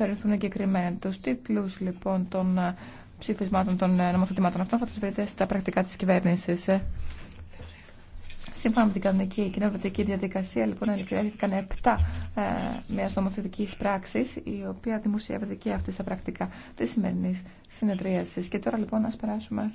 θεωρηθούν εγκεκριμένα. του τίτλου λοιπόν των ε, ψηφισμάτων των ε, νομοθετημάτων αυτών θα του βρείτε στα πρακτικά τη κυβέρνηση. Ε, σύμφωνα με την κανονική κοινοβουλευτική διαδικασία, λοιπόν, ελευθερώθηκαν 7 ε, μια νομοθετική πράξη, η οποία δημοσιεύεται και αυτή στα πρακτικά τη σημερινή συνεδρίαση. Και τώρα, λοιπόν, α περάσουμε